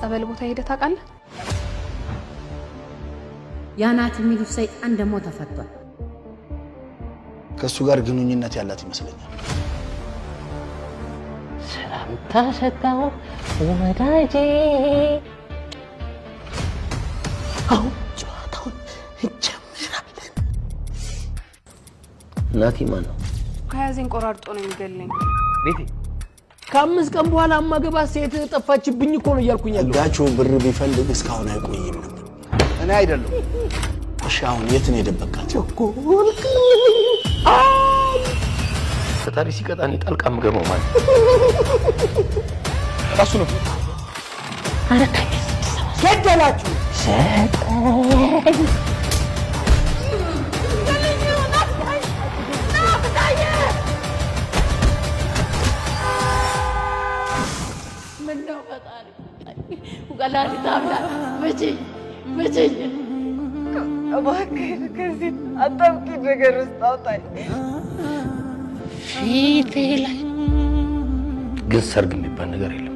ጸበል ቦታ ሄደ ታውቃለህ? ያናት የሚሉት ሰይጣን ደግሞ ተፈቷል። ከእሱ ጋር ግንኙነት ያላት ይመስለኛል። ሰላምታ ሰጣው ወዳጄ። አሁን ጨዋታውን እንጀምራለን። እናቴ ማን ነው? ከያዘኝ ቆራርጦ ነው የሚገለኝ ቤቴ ከአምስት ቀን በኋላ አማገባ ሴት ጠፋችብኝ እኮ ነው እያልኩኝ ያለው። ዳቸው ብር ቢፈልግ እስካሁን አይቆይም ነበር። እኔ አይደለም። እሺ አሁን የት ነው የደበቃት? ፈጣሪ ሲቀጣን ጣልቃ የምገባው ማለት እራሱ ነው። ገደላችሁ ሰጠኝ ምነው ፈጣሪ ገላሊት አምላክ ብችኝ ብችኝ፣ እባክህ ከዚህ አጣብቂ ነገር ውስጥ አውጣኝ። ፊቴ ላይ ግን ሰርግ የሚባል ነገር የለም።